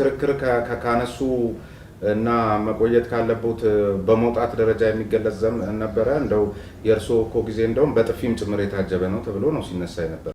ክርክር ካነሱ እና መቆየት ካለቦት በመውጣት ደረጃ የሚገለጽ ነበረ። እንደው የእርስዎ እኮ ጊዜ እንደውም በጥፊም ጭምር የታጀበ ነው ተብሎ ነው ሲነሳ ነበር።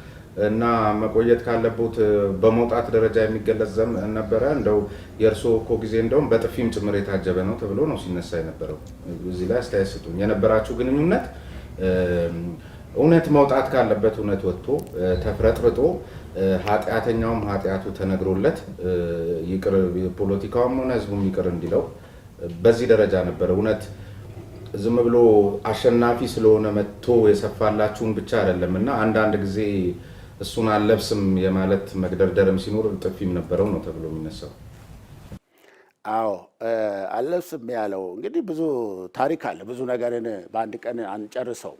እና መቆየት ካለቦት በመውጣት ደረጃ የሚገለጽ ነበረ። እንደው የእርስዎ እኮ ጊዜ እንደውም በጥፊም ጭምር የታጀበ ነው ተብሎ ነው ሲነሳ የነበረው። እዚህ ላይ አስተያየት ስጡኝ። የነበራችሁ ግንኙነት እውነት መውጣት ካለበት እውነት ወጥቶ ተፍረጥርጦ ኃጢአተኛውም ኃጢአቱ ተነግሮለት ይቅር ፖለቲካውም ሆነ ህዝቡም ይቅር እንዲለው በዚህ ደረጃ ነበረ እውነት ዝም ብሎ አሸናፊ ስለሆነ መጥቶ የሰፋላችሁን ብቻ አይደለም እና አንዳንድ ጊዜ እሱን አለብስም የማለት መግደርደርም ሲኖር ጥፊም ነበረው ነው ተብሎ የሚነሳው። አዎ አለብስም ያለው እንግዲህ ብዙ ታሪክ አለ። ብዙ ነገርን በአንድ ቀን አንጨርሰው።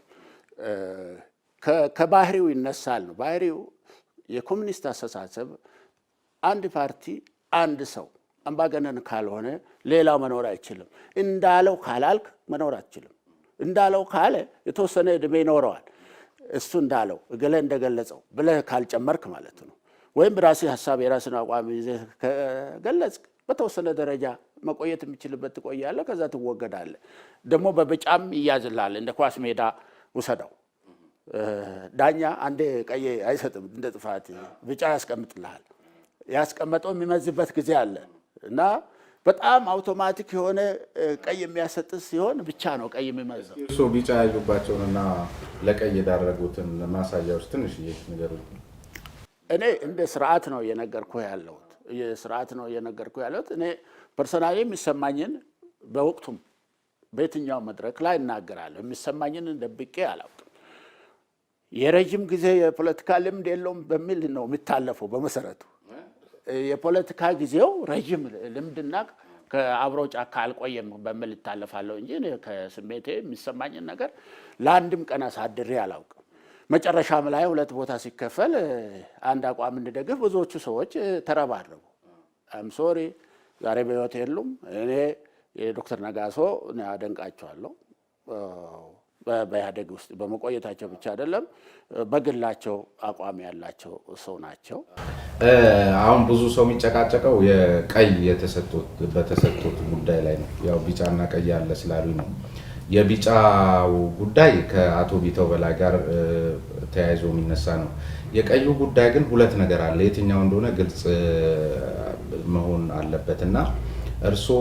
ከባህሪው ይነሳል ነው። ባህሪው የኮሚኒስት አስተሳሰብ አንድ ፓርቲ አንድ ሰው አምባገነን ካልሆነ ሌላው መኖር አይችልም። እንዳለው ካላልክ መኖር አትችልም። እንዳለው ካለ የተወሰነ እድሜ ይኖረዋል። እሱ እንዳለው እገለ እንደገለጸው ብለህ ካልጨመርክ ማለት ነው። ወይም ራሴ ሀሳብ የራስን አቋም ይዘህ ከገለጽክ በተወሰነ ደረጃ መቆየት የምችልበት ትቆያለህ። ከዛ ትወገዳለህ። ደግሞ በብጫም ይያዝልሃል። እንደ ኳስ ሜዳ ውሰደው። ዳኛ አንዴ ቀይ አይሰጥም እንደ ጥፋት፣ ብጫ ያስቀምጥልሃል። ያስቀመጠው የሚመዝበት ጊዜ አለ እና በጣም አውቶማቲክ የሆነ ቀይ የሚያሰጥ ሲሆን ብቻ ነው ቀይ የሚመዘው። ቢጫ ያዩባቸውንና ለቀይ የዳረጉትን ማሳያዎች ትንሽ ነገር እኔ እንደ ስርዓት ነው እየነገርኩ ያለሁት ስርዓት ነው እየነገርኩ ያለሁት። እኔ ፐርሶናሊ የሚሰማኝን በወቅቱም በየትኛው መድረክ ላይ እናገራለሁ። የሚሰማኝን ደብቄ አላውቅም። የረዥም ጊዜ የፖለቲካ ልምድ የለውም በሚል ነው የሚታለፈው በመሰረቱ የፖለቲካ ጊዜው ረዥም ልምድና ከአብሮ ጫካ አልቆየም በምል እታለፋለሁ እንጂ ከስሜቴ የሚሰማኝን ነገር ለአንድም ቀን አሳድሬ አላውቅም። መጨረሻም ላይ ሁለት ቦታ ሲከፈል አንድ አቋም እንድደግፍ ብዙዎቹ ሰዎች ተረባረቡ። አምሶሪ ዛሬ በህይወት የሉም። እኔ የዶክተር ነጋሶ አደንቃቸዋለሁ። በኢህአዴግ ውስጥ በመቆየታቸው ብቻ አይደለም፣ በግላቸው አቋም ያላቸው ሰው ናቸው። አሁን ብዙ ሰው የሚጨቃጨቀው የቀይ በተሰጡት ጉዳይ ላይ ነው። ያው ቢጫና ቀይ ያለ ስላሉ ነው። የቢጫው ጉዳይ ከአቶ ቢተው በላይ ጋር ተያይዞ የሚነሳ ነው። የቀዩ ጉዳይ ግን ሁለት ነገር አለ። የትኛው እንደሆነ ግልጽ መሆን አለበት እና እርስዎ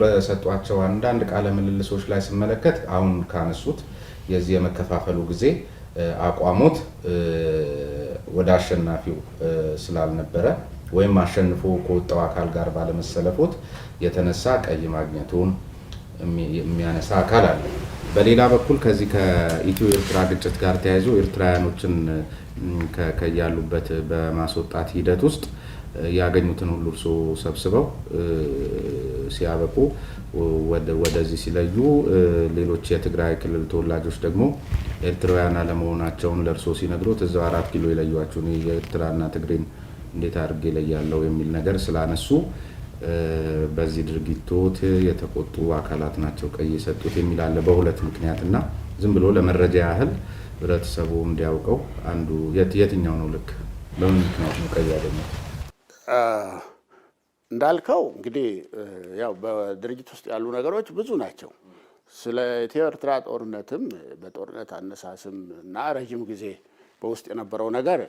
በሰጧቸው አንዳንድ ቃለ ምልልሶች ላይ ስመለከት አሁን ካነሱት የዚህ የመከፋፈሉ ጊዜ አቋሞት ወደ አሸናፊው ስላልነበረ ወይም አሸንፎ ከወጣው አካል ጋር ባለመሰለፎት የተነሳ ቀይ ማግኘቱን የሚያነሳ አካል አለ። በሌላ በኩል ከዚህ ከኢትዮ ኤርትራ ግጭት ጋር ተያይዞ ኤርትራውያኖችን ከያሉበት በማስወጣት ሂደት ውስጥ ያገኙትን ሁሉ እርሶ ሰብስበው ሲያበቁ ወደዚህ ሲለዩ ሌሎች የትግራይ ክልል ተወላጆች ደግሞ ኤርትራውያን አለመሆናቸውን ለእርሶ ሲነግሩት እዛው አራት ኪሎ የለዩዋችሁ የኤርትራና ትግሬን እንዴት አድርጌ እለያለሁ የሚል ነገር ስላነሱ በዚህ ድርጊቶት የተቆጡ አካላት ናቸው ቀይ የሰጡት የሚል አለ። በሁለት እና ዝም ብሎ ለመረጃ ያህል ህብረተሰቡ እንዲያውቀው አንዱ የትኛው ነው ልክ በምን ምክንያት ነው ቀይ ያገኘት? እንዳልከው እንግዲህ ያው በድርጅት ውስጥ ያሉ ነገሮች ብዙ ናቸው። ስለ ኢትዮ ኤርትራ ጦርነትም በጦርነት አነሳስም እና ረዥም ጊዜ በውስጥ የነበረው ነገር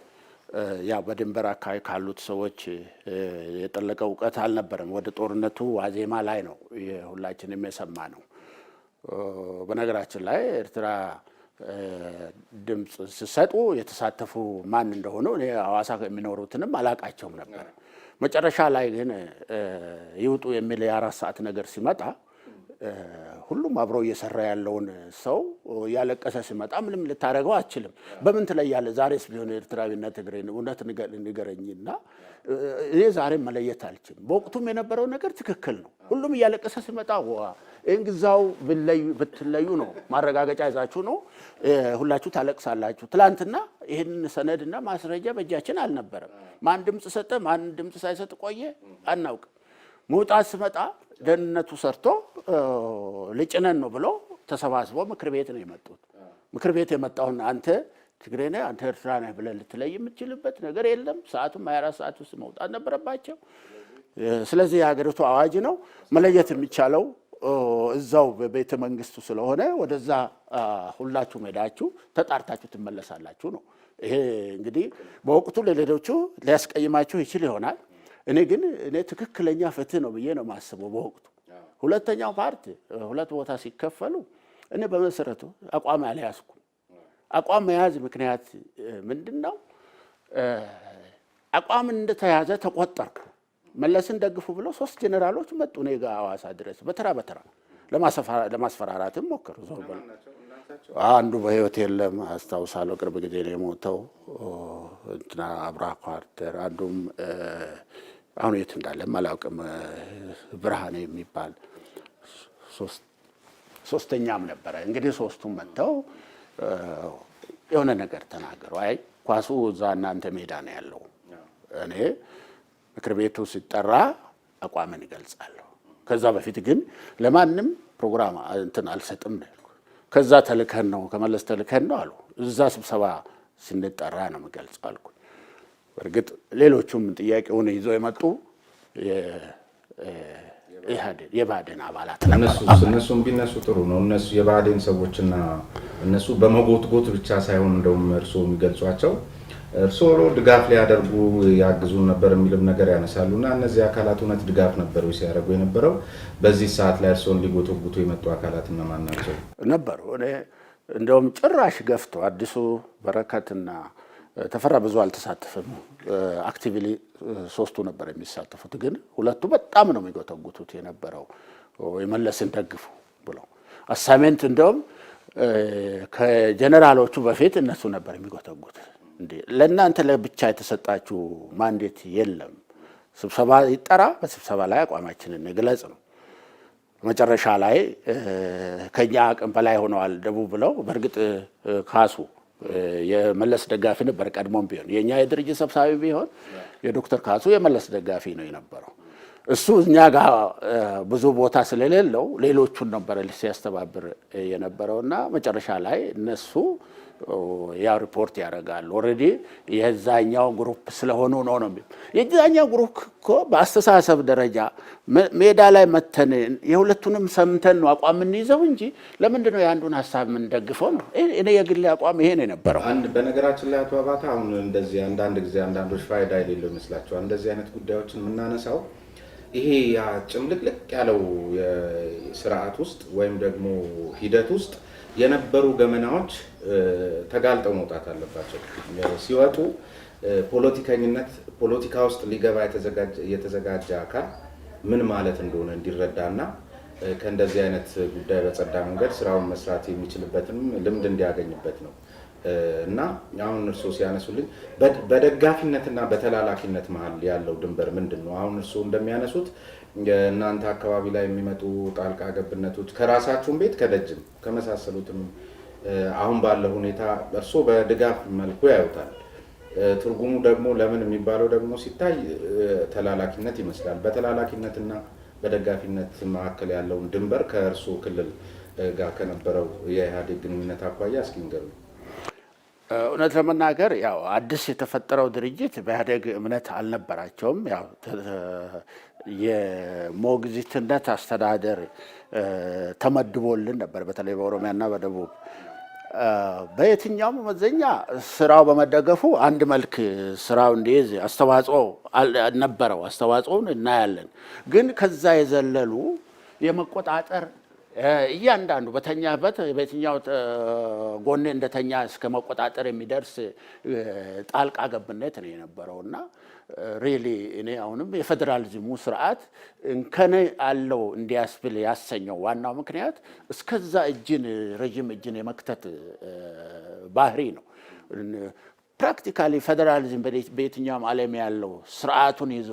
ያው በድንበር አካባቢ ካሉት ሰዎች የጠለቀ እውቀት አልነበረም። ወደ ጦርነቱ ዋዜማ ላይ ነው ሁላችንም የሰማ ነው። በነገራችን ላይ ኤርትራ ድምፅ ሲሰጡ የተሳተፉ ማን እንደሆኑ እኔ ሐዋሳ የሚኖሩትንም አላቃቸውም ነበር። መጨረሻ ላይ ግን ይውጡ የሚል የአራት ሰዓት ነገር ሲመጣ ሁሉም አብሮ እየሰራ ያለውን ሰው ያለቀሰ ሲመጣ ምንም ልታደርገው አችልም። በምን ትለያለህ? ዛሬስ ቢሆን ኤርትራዊና ትግሬ እውነት ንገረኝና እኔ ዛሬ መለየት አልችልም። በወቅቱም የነበረው ነገር ትክክል ነው። ሁሉም እያለቀሰ ሲመጣ እንግዛው ብትለዩ ነው ማረጋገጫ ይዛችሁ ነው ሁላችሁ ታለቅሳላችሁ። ትላንትና ይህን ሰነድና ማስረጃ በእጃችን አልነበረም። ማን ድምፅ ሰጠ፣ ማን ድምፅ ሳይሰጥ ቆየ አናውቅም። መውጣት ስመጣ ደህንነቱ ሰርቶ ልጭነን ነው ብሎ ተሰባስቦ ምክር ቤት ነው የመጡት። ምክር ቤት የመጣውን አንተ ትግሬ ነህ አንተ ኤርትራ ነህ ብለህ ልትለይ የምትችልበት ነገር የለም። ሰዓቱም 24 ሰዓት ውስጥ መውጣት ነበረባቸው። ስለዚህ የሀገሪቱ አዋጅ ነው መለየት የሚቻለው እዛው በቤተ መንግስቱ ስለሆነ ወደዛ ሁላችሁ ሄዳችሁ ተጣርታችሁ ትመለሳላችሁ ነው። ይሄ እንግዲህ በወቅቱ ለሌሎቹ ሊያስቀይማችሁ ይችል ይሆናል። እኔ ግን እኔ ትክክለኛ ፍትህ ነው ብዬ ነው የማስበው በወቅቱ። ሁለተኛው ፓርቲ ሁለት ቦታ ሲከፈሉ እኔ በመሰረቱ አቋም አልያዝኩም። አቋም መያዝ ምክንያት ምንድን ነው? አቋም እንደተያዘ ተቆጠርኩ? መለስን ደግፉ ብለው ሶስት ጀኔራሎች መጡ እኔ ጋ አዋሳ ድረስ በተራ በተራ ለማስፈራራትም ሞከሩ። ዞር አንዱ በህይወት የለም አስታውሳለሁ። ቅርብ ጊዜ ነው የሞተው እንትና አብራ ኳርተር፣ አንዱም አሁን የት እንዳለም አላውቅም ብርሃኔ የሚባል ሶስተኛም ነበረ። እንግዲህ ሶስቱም መጥተው የሆነ ነገር ተናገሩ። አይ ኳሱ እዛ እናንተ ሜዳ ነው ያለው እኔ ምክር ቤቱ ሲጠራ አቋምን ይገልጻለሁ። ከዛ በፊት ግን ለማንም ፕሮግራም እንትን አልሰጥም ነው ከዛ ተልከን ነው ከመለስ ተልከን ነው አሉ። እዛ ስብሰባ ስንጠራ ነው የምገልጸው አልኩ። በእርግጥ ሌሎቹም ጥያቄውን ይዘው የመጡ የባዴን አባላት እነሱም ቢነሱ ጥሩ ነው። እነሱ የባዴን ሰዎችና እነሱ በመጎትጎት ብቻ ሳይሆን እንደውም እርስዎ የሚገልጿቸው እርስዎ ድጋፍ ሊያደርጉ ያግዙ ነበር የሚልም ነገር ያነሳሉ እና እነዚህ አካላት እውነት ድጋፍ ነበሩ ሲያደርጉ የነበረው? በዚህ ሰዓት ላይ እርስዎን ሊጎተጉቱ የመጡ አካላት እነማን ናቸው ነበሩ? እኔ እንደውም ጭራሽ ገፍቶ አዲሱ በረከትና ተፈራ ብዙ አልተሳተፍም። አክቲቪሊ ሶስቱ ነበር የሚሳተፉት፣ ግን ሁለቱ በጣም ነው የሚጎተጉቱት የነበረው የመለስን ደግፉ ብለው አሳሜንት እንደውም ከጀነራሎቹ በፊት እነሱ ነበር የሚጎተጉት። ለእናንተ ለብቻ የተሰጣችሁ ማንዴት የለም። ስብሰባ ይጠራ፣ በስብሰባ ላይ አቋማችንን እንግለጽ ነው። መጨረሻ ላይ ከኛ አቅም በላይ ሆነዋል ደቡብ ብለው በእርግጥ ካሱ የመለስ ደጋፊ ነበር። ቀድሞም ቢሆን የእኛ የድርጅት ሰብሳቢ ቢሆን የዶክተር ካሱ የመለስ ደጋፊ ነው የነበረው። እሱ እኛ ጋር ብዙ ቦታ ስለሌለው ሌሎቹን ነበረ ሲያስተባብር የነበረውና መጨረሻ ላይ እነሱ ያ ሪፖርት ያደርጋል። ኦልሬዲ የዛኛው ግሩፕ ስለሆኑ ነው ነው የዛኛው ግሩፕ እኮ በአስተሳሰብ ደረጃ ሜዳ ላይ መተን የሁለቱንም ሰምተን ነው አቋም የምንይዘው እንጂ ለምንድን ነው የአንዱን ሀሳብ የምንደግፈው ነው። እኔ የግሌ አቋም ይሄ ነው የነበረው። በነገራችን ላይ አቶ አባታ አሁን እንደዚህ አንዳንድ ጊዜ አንዳንዶች ፋይዳ የሌለው ይመስላቸዋል። እንደዚህ አይነት ጉዳዮችን የምናነሳው ይሄ ጭምልቅልቅ ያለው ስርዓት ውስጥ ወይም ደግሞ ሂደት ውስጥ የነበሩ ገመናዎች ተጋልጠው መውጣት አለባቸው። ሲወጡ ፖለቲከኝነት ፖለቲካ ውስጥ ሊገባ የተዘጋጀ አካል ምን ማለት እንደሆነ እንዲረዳና ከእንደዚህ አይነት ጉዳይ በጸዳ መንገድ ስራውን መስራት የሚችልበትም ልምድ እንዲያገኝበት ነው። እና አሁን እርስዎ ሲያነሱልኝ በደጋፊነትና በተላላኪነት መሀል ያለው ድንበር ምንድን ነው? አሁን እርስዎ እንደሚያነሱት እናንተ አካባቢ ላይ የሚመጡ ጣልቃ ገብነቶች ከራሳችሁም ቤት ከደጅም ከመሳሰሉትም አሁን ባለው ሁኔታ እርስዎ በድጋፍ መልኩ ያዩታል። ትርጉሙ ደግሞ ለምን የሚባለው ደግሞ ሲታይ ተላላኪነት ይመስላል። በተላላኪነትና በደጋፊነት መካከል ያለውን ድንበር ከእርስዎ ክልል ጋር ከነበረው የኢህአዴግ ግንኙነት አኳያ እስኪ ንገሩኝ። እውነት ለመናገር ያው አዲስ የተፈጠረው ድርጅት በኢህአዴግ እምነት አልነበራቸውም። ያው የሞግዚትነት አስተዳደር ተመድቦልን ነበር፣ በተለይ በኦሮሚያና በደቡብ በየትኛውም መዘኛ ስራው በመደገፉ አንድ መልክ ስራው እንዲይዝ አስተዋጽኦ ነበረው። አስተዋጽኦን እናያለን። ግን ከዛ የዘለሉ የመቆጣጠር እያንዳንዱ በተኛበት በየትኛው ጎኔ እንደተኛ እስከ መቆጣጠር የሚደርስ ጣልቃ ገብነት ነው የነበረው እና ሪሊ እኔ አሁንም የፌዴራሊዝሙ ስርዓት እንከን አለው እንዲያስብል ያሰኘው ዋናው ምክንያት እስከዛ እጅን ረዥም እጅን የመክተት ባህሪ ነው። ፕራክቲካሊ ፌዴራሊዝም በየትኛውም ዓለም ያለው ስርዓቱን ይዞ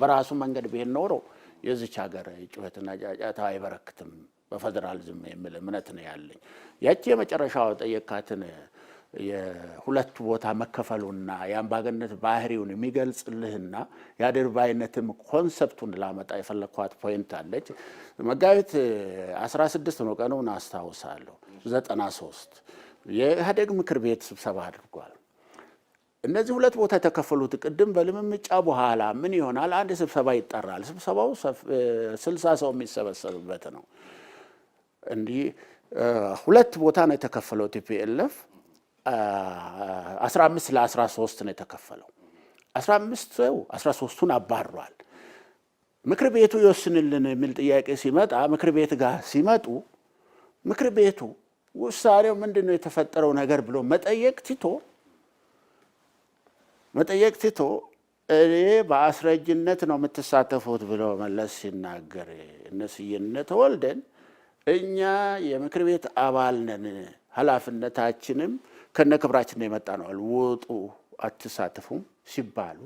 በራሱ መንገድ ብሄድ ኖረው የዚች ሀገር ጩኸትና ጫጫታ አይበረክትም ዝም የሚል እምነት ነው ያለኝ። ያቺ የመጨረሻው ጠየካትን የሁለቱ ቦታ መከፈሉና የአምባገነት ባህሪውን የሚገልጽልህና የአድርባይነትም ኮንሰፕቱን ላመጣ የፈለግኳት ፖይንት አለች። መጋቢት 16 ነው ቀኑን አስታውሳለሁ። 93 የኢህአዴግ ምክር ቤት ስብሰባ አድርጓል። እነዚህ ሁለት ቦታ የተከፈሉት ቅድም በልምምጫ በኋላ ምን ይሆናል? አንድ ስብሰባ ይጠራል። ስብሰባው ስልሳ ሰው የሚሰበሰብበት ነው። እንዲህ ሁለት ቦታ ነው የተከፈለው። ቲፒኤልኤፍ 15 ለ13 ነው የተከፈለው። 15 ሰው 13ቱን አባሯል። ምክር ቤቱ ይወስንልን የሚል ጥያቄ ሲመጣ ምክር ቤት ጋር ሲመጡ ምክር ቤቱ ውሳኔው ምንድን ነው የተፈጠረው ነገር ብሎ መጠየቅ ትቶ መጠየቅ ትቶ እኔ በአስረጅነት ነው የምትሳተፉት ብሎ መለስ ሲናገር እነ ስዬን ተወልደን እኛ የምክር ቤት አባል ነን፣ ኃላፊነታችንም ከነ ክብራችን የመጣ ነው ውጡ፣ አትሳትፉም ሲባሉ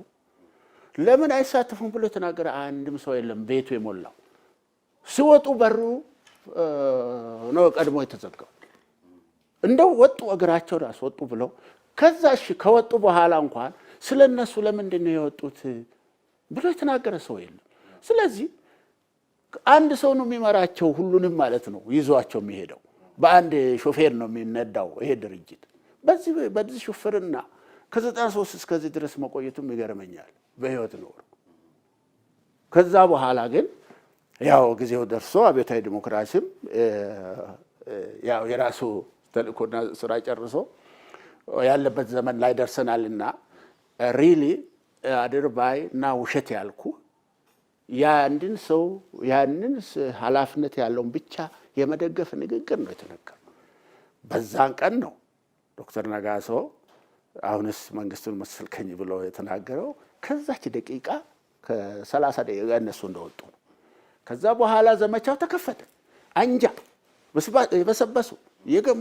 ለምን አይሳትፉም ብሎ የተናገረ አንድም ሰው የለም። ቤቱ የሞላው ሲወጡ በሩ ነው ቀድሞ የተዘጋው። እንደው ወጡ እግራቸውን አስወጡ ብለው ከዛ እሺ ከወጡ በኋላ እንኳን ስለ እነሱ ለምንድን ነው የወጡት ብሎ የተናገረ ሰው የለም። ስለዚህ አንድ ሰው ነው የሚመራቸው ሁሉንም ማለት ነው ይዟቸው የሚሄደው በአንድ ሾፌር ነው የሚነዳው ይሄ ድርጅት። በዚህ በዚህ ሹፍርና ከዘጠና ሶስት እስከዚህ ድረስ መቆየቱም ይገርመኛል በህይወት ኖር። ከዛ በኋላ ግን ያው ጊዜው ደርሶ አብዮታዊ ዲሞክራሲም ያው የራሱ ተልእኮና ስራ ጨርሶ ያለበት ዘመን ላይ ደርሰናልና ሪሊ uh, uh, አድርባይ እና ውሸት ያልኩ ያንድን ሰው ያንን ኃላፊነት ያለውን ብቻ የመደገፍ ንግግር ነው የተነገረው። በዛን ቀን ነው ዶክተር ነጋሶ አሁንስ መንግስቱን መሰልከኝ ብሎ የተናገረው። ከዛች ደቂቃ ከሰላሳ ደቂቃ እነሱ እንደወጡ ነው። ከዛ በኋላ ዘመቻው ተከፈተ። አንጃ የበሰበሱ የገሙ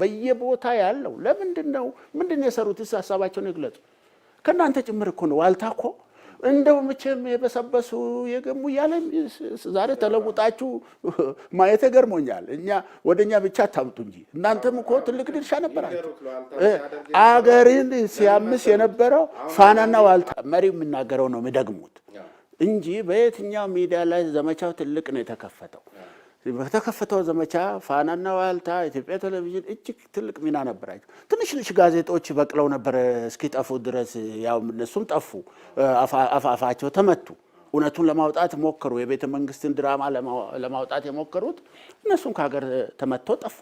በየቦታ ያለው ለምንድን ነው ምንድን የሰሩት? የሰሩትስ? ሀሳባቸውን ይግለጹ። ከእናንተ ጭምር እኮ ነው። ዋልታ እኮ እንደው መቼም የበሰበሱ የገሙ እያለ ዛሬ ተለውጣችሁ ማየት ገርሞኛል። እኛ ወደ እኛ ብቻ አታምጡ እንጂ እናንተም እኮ ትልቅ ድርሻ ነበራችሁ። አገርን ሲያምስ የነበረው ፋናና ዋልታ መሪ የሚናገረው ነው የሚደግሙት እንጂ በየትኛው ሚዲያ ላይ ዘመቻው ትልቅ ነው የተከፈተው በተከፈተው ዘመቻ ፋናና ዋልታ፣ ኢትዮጵያ ቴሌቪዥን እጅግ ትልቅ ሚና ነበራቸው። ትንሽ ትንሽ ጋዜጦች በቅለው ነበረ እስኪጠፉ ድረስ። ያው እነሱም ጠፉ፣ አፋፋቸው ተመቱ። እውነቱን ለማውጣት ሞከሩ። የቤተ መንግስትን ድራማ ለማውጣት የሞከሩት እነሱም ከሀገር ተመተው ጠፉ።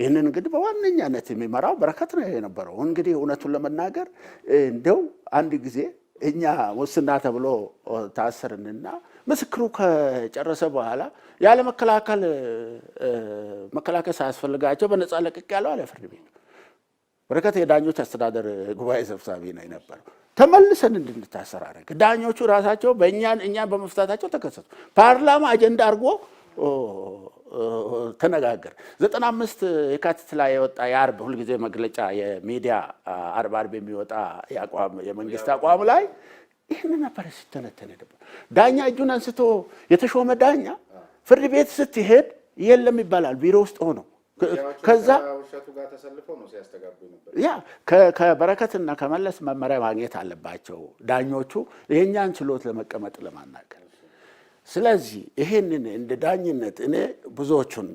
ይህንን እንግዲህ በዋነኛነት የሚመራው በረከት ነው የነበረው። እንግዲህ እውነቱን ለመናገር እንደው አንድ ጊዜ እኛ ሙስና ተብሎ ታሰርንና ምስክሩ ከጨረሰ በኋላ ያለ መከላከል መከላከል ሳያስፈልጋቸው በነጻ ለቅቅ ያለው አለ ፍርድ ቤቱ። በረከት የዳኞች አስተዳደር ጉባኤ ሰብሳቢ ነው የነበረው። ተመልሰን እንድንታሰራረግ ዳኞቹ ራሳቸው በእኛ እኛን በመፍታታቸው ተከሰቱ ፓርላማ አጀንዳ አድርጎ ተነጋገር ዘጠና አምስት የካቲት ላይ የወጣ የአርብ ሁልጊዜ መግለጫ የሚዲያ አርብ አርብ የሚወጣ የመንግስት አቋም ላይ ይህን ነበረ ሲተነተን ነበር። ዳኛ እጁን አንስቶ የተሾመ ዳኛ ፍርድ ቤት ስትሄድ የለም ይባላል። ቢሮ ውስጥ ሆኖ ከዛ ያ ከበረከትና ከመለስ መመሪያ ማግኘት አለባቸው ዳኞቹ የእኛን ችሎት ለመቀመጥ ለማናገር። ስለዚህ ይሄንን እንደ ዳኝነት እኔ ብዙዎቹን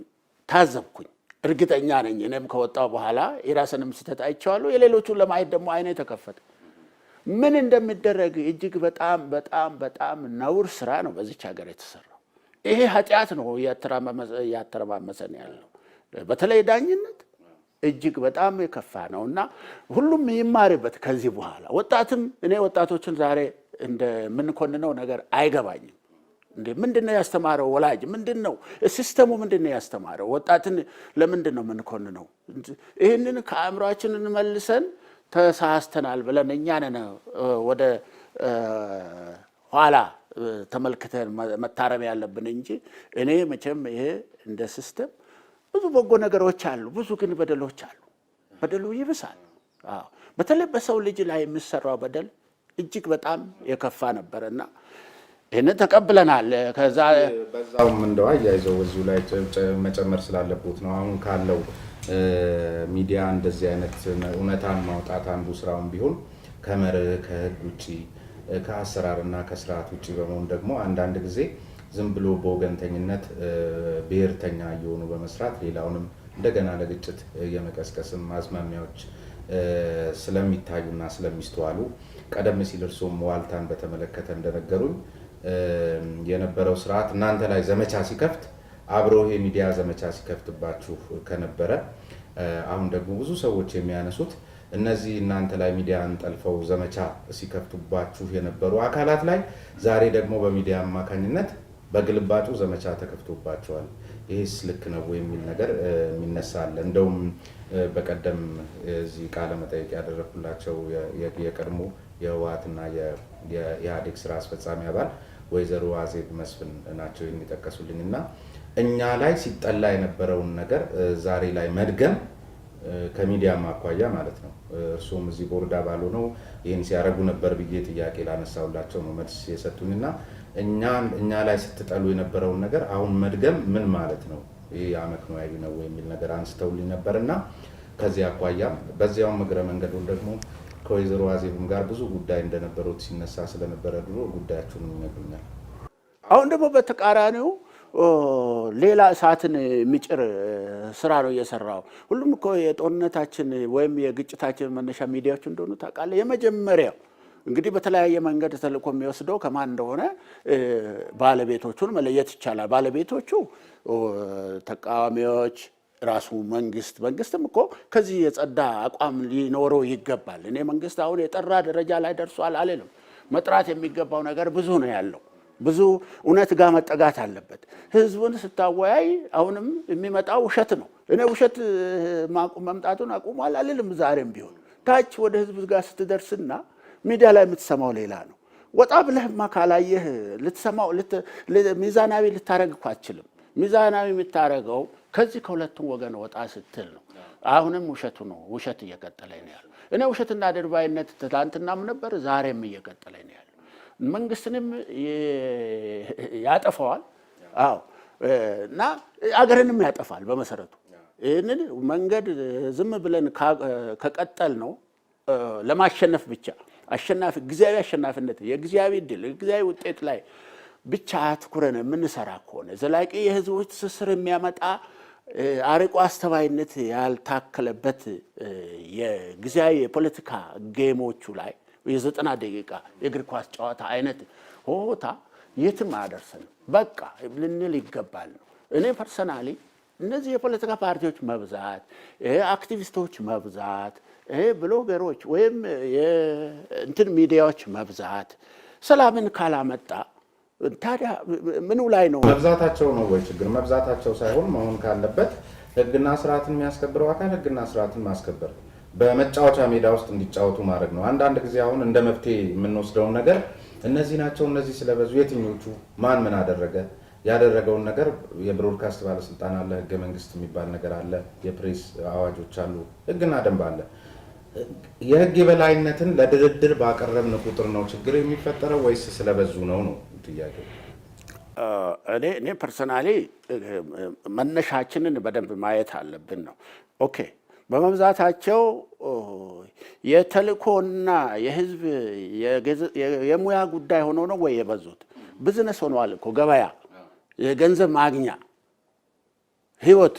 ታዘብኩኝ። እርግጠኛ ነኝ እኔም ከወጣው በኋላ የራስንም ስህተት አይቼዋለሁ። የሌሎቹን ለማየት ደግሞ አይኔ ተከፈተ። ምን እንደሚደረግ እጅግ በጣም በጣም በጣም ነውር ስራ ነው በዚች ሀገር የተሰራ ይሄ ኃጢአት ነው እያተረማመሰን ያለው በተለይ ዳኝነት እጅግ በጣም የከፋ ነው እና ሁሉም ይማርበት ከዚህ በኋላ ወጣትም እኔ ወጣቶችን ዛሬ እንደምንኮንነው ነገር አይገባኝም። እንዴ ምንድን ነው ያስተማረው ወላጅ? ምንድን ነው ሲስተሙ? ምንድን ነው ያስተማረው? ወጣትን ለምንድን ነው የምንኮንነው? ይህንን ከአእምሯችን እንመልሰን ተሳስተናል ብለን እኛን ወደ ኋላ ተመልክተን መታረም ያለብን እንጂ እኔ መቼም ይሄ እንደ ሲስተም ብዙ በጎ ነገሮች አሉ፣ ብዙ ግን በደሎች አሉ። በደሉ ይብሳል። በተለይ በሰው ልጅ ላይ የሚሰራው በደል እጅግ በጣም የከፋ ነበር እና ይህንን ተቀብለናል። ከዛ በዛውም እንደው አያይዘው እዚሁ ላይ መጨመር ስላለቦት ነው አሁን ካለው ሚዲያ እንደዚህ አይነት እውነታን ማውጣት አንዱ ስራውን ቢሆን ከመርህ ከህግ ውጭ ከአሰራርና ከስርዓት ውጭ በመሆን ደግሞ አንዳንድ ጊዜ ዝም ብሎ በወገንተኝነት ብሔርተኛ እየሆኑ በመስራት ሌላውንም እንደገና ለግጭት የመቀስቀስም አዝማሚያዎች ስለሚታዩና ስለሚስተዋሉ ቀደም ሲል እርሶም ዋልታን በተመለከተ እንደነገሩኝ የነበረው ስርዓት እናንተ ላይ ዘመቻ ሲከፍት አብሮ የሚዲያ ሚዲያ ዘመቻ ሲከፍትባችሁ ከነበረ አሁን ደግሞ ብዙ ሰዎች የሚያነሱት እነዚህ እናንተ ላይ ሚዲያን ጠልፈው ዘመቻ ሲከፍቱባችሁ የነበሩ አካላት ላይ ዛሬ ደግሞ በሚዲያ አማካኝነት በግልባጩ ዘመቻ ተከፍቶባቸዋል። ይህስ ልክ ነው የሚል ነገር አለ እንደውም በቀደም እዚህ ቃለ መጠየቅ ያደረኩላቸው የቀድሞ የህወሓትና የኢህአዴግ ስራ አስፈጻሚ አባል ወይዘሮ አዜብ መስፍን ናቸው የሚጠቀሱልኝ እና እኛ ላይ ሲጠላ የነበረውን ነገር ዛሬ ላይ መድገም ከሚዲያም አኳያ ማለት ነው። እርስዎም እዚህ ቦርድ አባል ሆነው ይህን ሲያደርጉ ነበር ብዬ ጥያቄ ላነሳውላቸው ነው መልስ የሰጡኝ እና እኛ ላይ ስትጠሉ የነበረውን ነገር አሁን መድገም ምን ማለት ነው ይህ አመክንዮአዊ ነው የሚል ነገር አንስተውልኝ ነበር እና ከዚህ አኳያም በዚያውም እግረ መንገዱን ደግሞ ከወይዘሮ አዜብም ጋር ብዙ ጉዳይ እንደነበሩት ሲነሳ ስለነበረ ድሮ ጉዳያችሁን ይነግሩኛል። አሁን ደግሞ በተቃራኒው ሌላ እሳትን የሚጭር ስራ ነው እየሰራው። ሁሉም እኮ የጦርነታችን ወይም የግጭታችን መነሻ ሚዲያዎች እንደሆኑ ታውቃለህ። የመጀመሪያው እንግዲህ በተለያየ መንገድ ተልእኮ የሚወስደው ከማን እንደሆነ ባለቤቶቹን መለየት ይቻላል። ባለቤቶቹ ተቃዋሚዎች፣ ራሱ መንግስት መንግስትም እኮ ከዚህ የጸዳ አቋም ሊኖረው ይገባል። እኔ መንግስት አሁን የጠራ ደረጃ ላይ ደርሷል አልልም። መጥራት የሚገባው ነገር ብዙ ነው ያለው ብዙ እውነት ጋር መጠጋት አለበት። ህዝቡን ስታወያይ አሁንም የሚመጣው ውሸት ነው። እኔ ውሸት መምጣቱን አቁሟል አልልም። ዛሬም ቢሆን ታች ወደ ህዝብ ጋር ስትደርስና ሚዲያ ላይ የምትሰማው ሌላ ነው። ወጣ ብለህማ ካላየህ ልትሰማው ሚዛናዊ ልታደረግ እኮ አትችልም። ሚዛናዊ የምታደረገው ከዚህ ከሁለቱም ወገን ወጣ ስትል ነው። አሁንም ውሸቱ ነው። ውሸት እየቀጠለ ነው ያለው። እኔ ውሸትና ድርባይነት ትላንትናም ነበር፣ ዛሬም እየቀጠለ ነው መንግስትንም ያጠፋዋል። አዎ እና አገርንም ያጠፋል። በመሰረቱ ይህንን መንገድ ዝም ብለን ከቀጠል ነው ለማሸነፍ ብቻ አሸናፊ ጊዜያዊ አሸናፊነት የጊዜያዊ ድል የጊዜያዊ ውጤት ላይ ብቻ አትኩረን የምንሰራ ከሆነ ዘላቂ የህዝቦች ትስስር የሚያመጣ አርቆ አስተባይነት ያልታከለበት የጊዜያዊ የፖለቲካ ጌሞቹ ላይ የዘጠና ደቂቃ የእግር ኳስ ጨዋታ አይነት ሆታ የትም አያደርሰንም። በቃ ልንል ይገባል ነው። እኔ ፐርሰናሊ እነዚህ የፖለቲካ ፓርቲዎች መብዛት፣ አክቲቪስቶች መብዛት፣ ብሎገሮች ወይም እንትን ሚዲያዎች መብዛት ሰላምን ካላመጣ ታዲያ ምኑ ላይ ነው መብዛታቸው? ነው ወይ ችግር? መብዛታቸው ሳይሆን መሆን ካለበት ህግና ስርዓትን የሚያስከብረው አካል ህግና ስርዓትን ማስከበር በመጫወቻ ሜዳ ውስጥ እንዲጫወቱ ማድረግ ነው። አንዳንድ ጊዜ አሁን እንደ መፍትሄ የምንወስደውን ነገር እነዚህ ናቸው እነዚህ ስለበዙ የትኞቹ ማን ምን አደረገ ያደረገውን ነገር የብሮድካስት ባለስልጣን አለ፣ ህገ መንግስት የሚባል ነገር አለ፣ የፕሬስ አዋጆች አሉ፣ ህግና ደንብ አለ። የህግ የበላይነትን ለድርድር ባቀረብን ቁጥር ነው ችግር የሚፈጠረው ወይስ ስለበዙ ነው? ነው ጥያቄው። እኔ እኔ ፐርሶናሊ መነሻችንን በደንብ ማየት አለብን ነው ኦኬ በመብዛታቸው የተልእኮና የህዝብ የሙያ ጉዳይ ሆኖ ነው ወይ የበዙት? ብዝነስ ሆነዋል እኮ ገበያ፣ የገንዘብ ማግኛ ህይወት።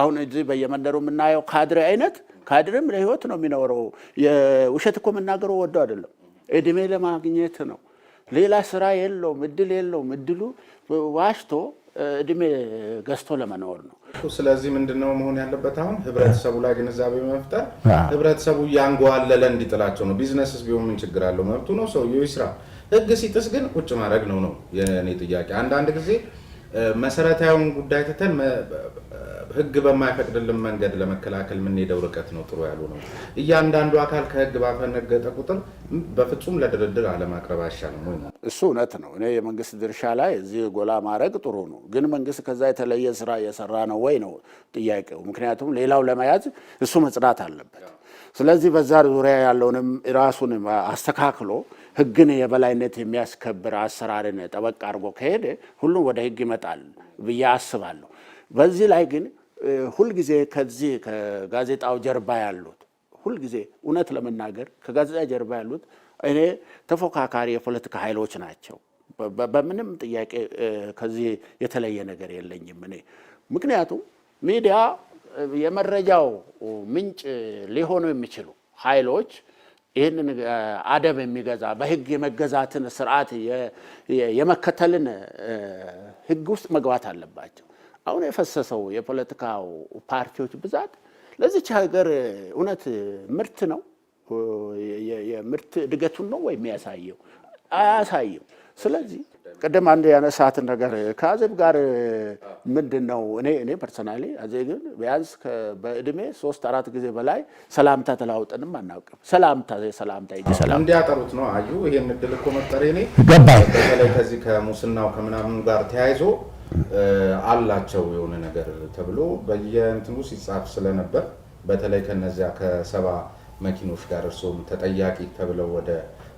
አሁን እዚህ በየመንደሩ የምናየው ካድሬ አይነት ካድሬም ለህይወት ነው የሚኖረው። ውሸት እኮ የምናገረው ወዶ አይደለም፣ እድሜ ለማግኘት ነው። ሌላ ስራ የለውም፣ እድል የለውም። እድሉ ዋሽቶ እድሜ ገዝቶ ለመኖር ነው። ስለዚህ ምንድነው መሆን ያለበት? አሁን ህብረተሰቡ ላይ ግንዛቤ መፍጠር፣ ህብረተሰቡ እያንጓለለ እንዲጥላቸው ነው። ቢዝነስስ ቢሆን ምን ችግር አለው? መብቱ ነው፣ ሰውየው ይስራ። ህግ ሲጥስ ግን ቁጭ ማድረግ ነው ነው ጥያቄ። አንዳንድ ጊዜ መሰረታዊውን ጉዳይ ትተን ህግ በማይፈቅድልን መንገድ ለመከላከል የምንሄደው ርቀት ነው ጥሩ ያሉ ነው። እያንዳንዱ አካል ከህግ ባፈነገጠ ቁጥር በፍጹም ለድርድር አለማቅረብ አይሻልም ወይ? እሱ እውነት ነው። እኔ የመንግስት ድርሻ ላይ እዚህ ጎላ ማድረግ ጥሩ ነው፣ ግን መንግስት ከዛ የተለየ ስራ እየሰራ ነው ወይ ነው ጥያቄው። ምክንያቱም ሌላው ለመያዝ እሱ መጽናት አለበት። ስለዚህ በዛ ዙሪያ ያለውንም ራሱን አስተካክሎ ህግን የበላይነት የሚያስከብር አሰራርን ጠበቅ አድርጎ ከሄደ ሁሉም ወደ ህግ ይመጣል ብዬ አስባለሁ። በዚህ ላይ ግን ሁልጊዜ ከዚህ ከጋዜጣው ጀርባ ያሉት ሁልጊዜ እውነት ለመናገር ከጋዜጣ ጀርባ ያሉት እኔ ተፎካካሪ የፖለቲካ ኃይሎች ናቸው። በምንም ጥያቄ ከዚህ የተለየ ነገር የለኝም እኔ ምክንያቱም ሚዲያ የመረጃው ምንጭ ሊሆኑ የሚችሉ ኃይሎች ይህንን አደብ የሚገዛ በህግ የመገዛትን ስርዓት የመከተልን ህግ ውስጥ መግባት አለባቸው። አሁን የፈሰሰው የፖለቲካው ፓርቲዎች ብዛት ለዚች ሀገር እውነት ምርት ነው የምርት እድገቱን ነው ወይም የሚያሳየው? አያሳየው። ስለዚህ ቅድም አንድ ያነሳትን ነገር ከአዜብ ጋር ምንድን ነው እኔ እኔ ፐርሰናሊ አዜብ ግን ቢያንስ በእድሜ ሶስት አራት ጊዜ በላይ ሰላምታ ተለዋውጠንም አናውቅም። ሰላምታ ሰላምታ ይ እንዲያጠሩት ነው አዩ ይህን እድል እኮ መጠሬ እኔ ገባኝ። በተለይ ከዚህ ከሙስናው ከምናምኑ ጋር ተያይዞ አላቸው የሆነ ነገር ተብሎ በየእንትኑ ሲጻፍ ስለነበር በተለይ ከነዚያ ከሰባ መኪኖች ጋር እርስዎም ተጠያቂ ተብለው ወደ